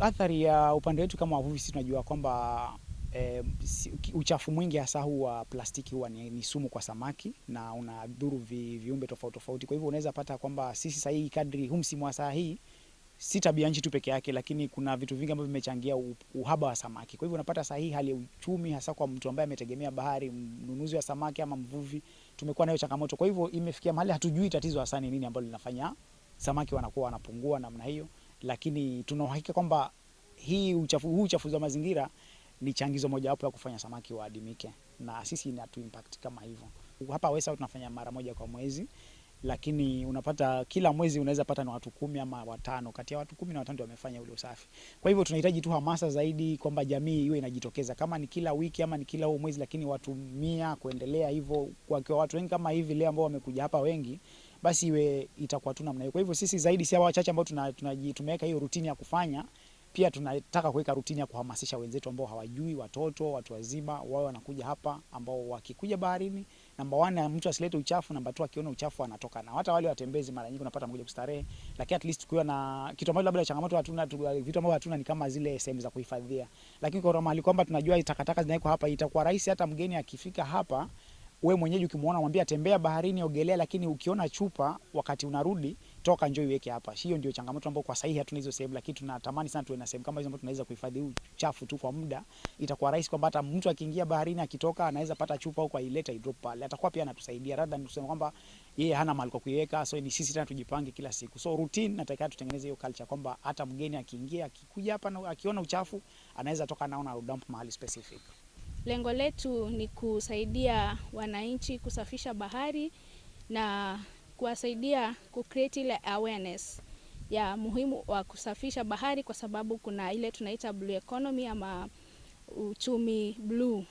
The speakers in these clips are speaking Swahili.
athari ya upande wetu kama wavuvi, sisi tunajua kwamba e, uchafu mwingi hasa huu wa plastiki huwa ni, ni sumu kwa samaki na unadhuru vi, viumbe tofauti tofauti. Kwa hivyo unaweza pata kwamba sisi sahihi kadri huu msimu wa saa hii si tabia nchi tu peke yake, lakini kuna vitu vingi ambavyo vimechangia uhaba wa samaki. Kwa hivyo unapata saa hii hali ya uchumi, hasa kwa mtu ambaye ametegemea bahari, mnunuzi wa samaki ama mvuvi, tumekuwa nayo changamoto. Kwa hivyo imefikia mahali hatujui tatizo hasa ni nini ambalo linafanya samaki wanakuwa wanapungua namna hiyo lakini tuna uhakika kwamba hii uchafu, huu uchafuzi wa mazingira ni changizo mojawapo ya kufanya samaki waadimike, na sisi inatu impact kama hivyo. Hapa Wesa tunafanya mara moja kwa mwezi, lakini unapata kila mwezi unaweza pata na watu kumi ama watano, kati ya watu kumi na watano ndio wamefanya ule usafi. Kwa hivyo tunahitaji tu hamasa zaidi kwamba jamii iwe inajitokeza, kama ni kila wiki ama ni kila huo mwezi, lakini watu mia kuendelea hivyo, wakiwa watu wengi kama hivi leo ambao wamekuja hapa wengi basi iwe itakuwa tu namna hiyo. Kwa hivyo sisi zaidi si hawa wachache ambao tumeweka hiyo rutini ya kufanya, pia tunataka kuweka rutini ya kuhamasisha wenzetu ambao hawajui, watoto, watu wazima, wao wanakuja hapa, ambao wakikuja baharini, namba one, mtu asilete uchafu, namba two, akiona uchafu anatoka. Na hata wale watembezi mara nyingi unapata mmoja kustarehe, lakini at least kuwa na kitu ambacho labda changamoto hatuna, vitu ambavyo hatuna ni kama zile sehemu za kuhifadhia, lakini kwa mahali kwamba tunajua takataka zinawekwa hapa, itakuwa rahisi hata mgeni akifika hapa we mwenyeji ukimwona mwambia tembea baharini, ogelea, lakini ukiona chupa wakati unarudi toka, njoo iweke hapa. Hiyo ndio changamoto ambayo kwa sahihi hatuna hizo sehemu, lakini tunatamani sana tuwe na sehemu kama hizo ambazo tunaweza kuhifadhi uchafu tu kwa muda. Itakuwa rahisi kwamba hata mtu akiingia baharini akitoka anaweza pata chupa au kuileta idrop pale, atakuwa pia anatusaidia rather than kusema kwamba yeye hana mahali kwa kuiweka. So ni sisi tena tujipange kila siku, so routine, natakiwa tutengeneze hiyo culture kwamba hata mgeni akiingia akikuja hapa na akiona uchafu anaweza toka naona dump mahali specific. Lengo letu ni kusaidia wananchi kusafisha bahari na kuwasaidia kucreate ile awareness ya muhimu wa kusafisha bahari, kwa sababu kuna ile tunaita blue economy ama uchumi bluu.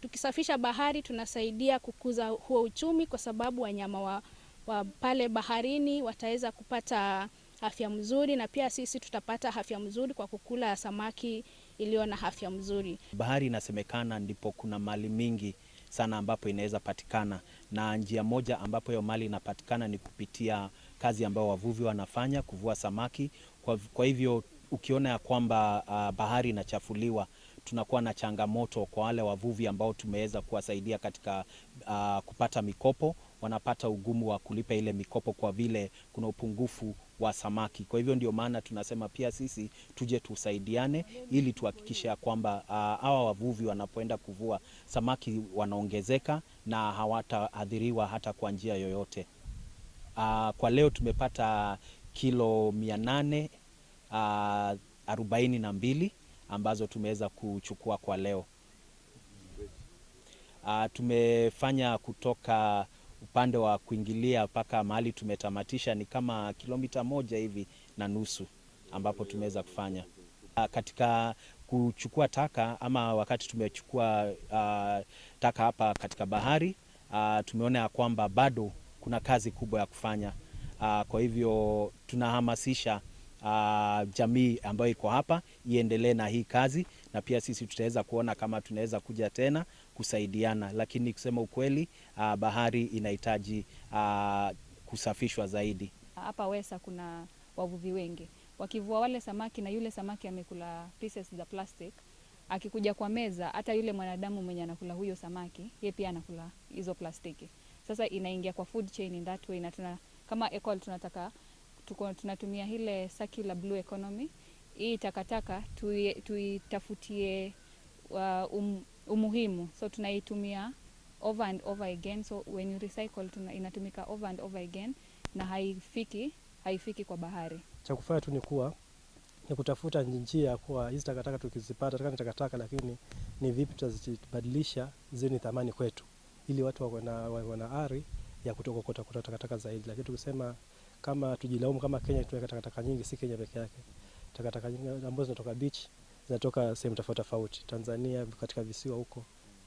Tukisafisha bahari tunasaidia kukuza huo uchumi, kwa sababu wanyama wa, wa pale baharini wataweza kupata afya mzuri, na pia sisi tutapata afya mzuri kwa kukula samaki iliyo na afya mzuri. Bahari inasemekana ndipo kuna mali mingi sana ambapo inaweza patikana, na njia moja ambapo hiyo mali inapatikana ni kupitia kazi ambayo wavuvi wanafanya, kuvua samaki. Kwa, kwa hivyo ukiona ya kwamba uh, bahari inachafuliwa tunakuwa na changamoto kwa wale wavuvi ambao tumeweza kuwasaidia katika uh, kupata mikopo, wanapata ugumu wa kulipa ile mikopo kwa vile kuna upungufu wa samaki. Kwa hivyo ndio maana tunasema pia sisi tuje tusaidiane, ili tuhakikishe ya kwamba ah, hawa uh, wavuvi wanapoenda kuvua samaki wanaongezeka na hawataadhiriwa hata kwa njia yoyote. Uh, kwa leo tumepata kilo mia nane uh, arobaini na mbili ambazo tumeweza kuchukua kwa leo. Uh, tumefanya kutoka upande wa kuingilia mpaka mahali tumetamatisha ni kama kilomita moja hivi na nusu ambapo tumeweza kufanya uh, katika kuchukua taka ama wakati tumechukua uh, taka hapa katika bahari uh, tumeona ya kwamba bado kuna kazi kubwa ya kufanya uh, kwa hivyo tunahamasisha uh, jamii ambayo iko hapa iendelee na hii kazi, na pia sisi tutaweza kuona kama tunaweza kuja tena kusaidiana, lakini kusema ukweli, uh, bahari inahitaji uh, kusafishwa zaidi. Hapa Wesa kuna wavuvi wengi wakivua wale samaki, na yule samaki amekula pieces za plastic akikuja kwa meza, hata yule mwanadamu mwenye anakula huyo samaki, ye pia anakula hizo plastiki. Sasa inaingia kwa food chain in that way, na tuna kama tunataka tuko, tunatumia ile circular blue economy. Hii takataka tuitafutie uh, um, umuhimu so tunaitumia over and over again, so when you recycle tuna, inatumika over and over again na haifiki haifiki kwa bahari. Cha kufanya tu ni kuwa ni kutafuta njia ya kuwa hizi takataka tukizipata, taka ni takataka, lakini ni vipi tutazibadilisha ziwe ni thamani kwetu, ili watu wana, ari ya kutokokota takataka zaidi, lakini tukisema kama tujilaumu kama Kenya tunaweka takataka nyingi, si Kenya peke yake. Takataka nyingi ambazo zinatoka beach zinatoka sehemu tofauti tofauti, Tanzania katika visiwa huko.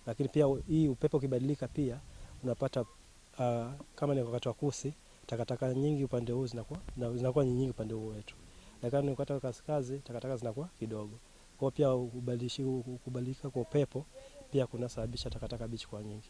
Lakini pia hii upepo ukibadilika pia unapata uh, kama ni wakati wa kusi, takataka nyingi upande huu zinakuwa zinakuwa nyingi upande huu wetu, lakini ni wakati wa kaskazi takataka zinakuwa kidogo. Kwa pia kubadilika kwa upepo pia kunasababisha takataka bichi kwa nyingi.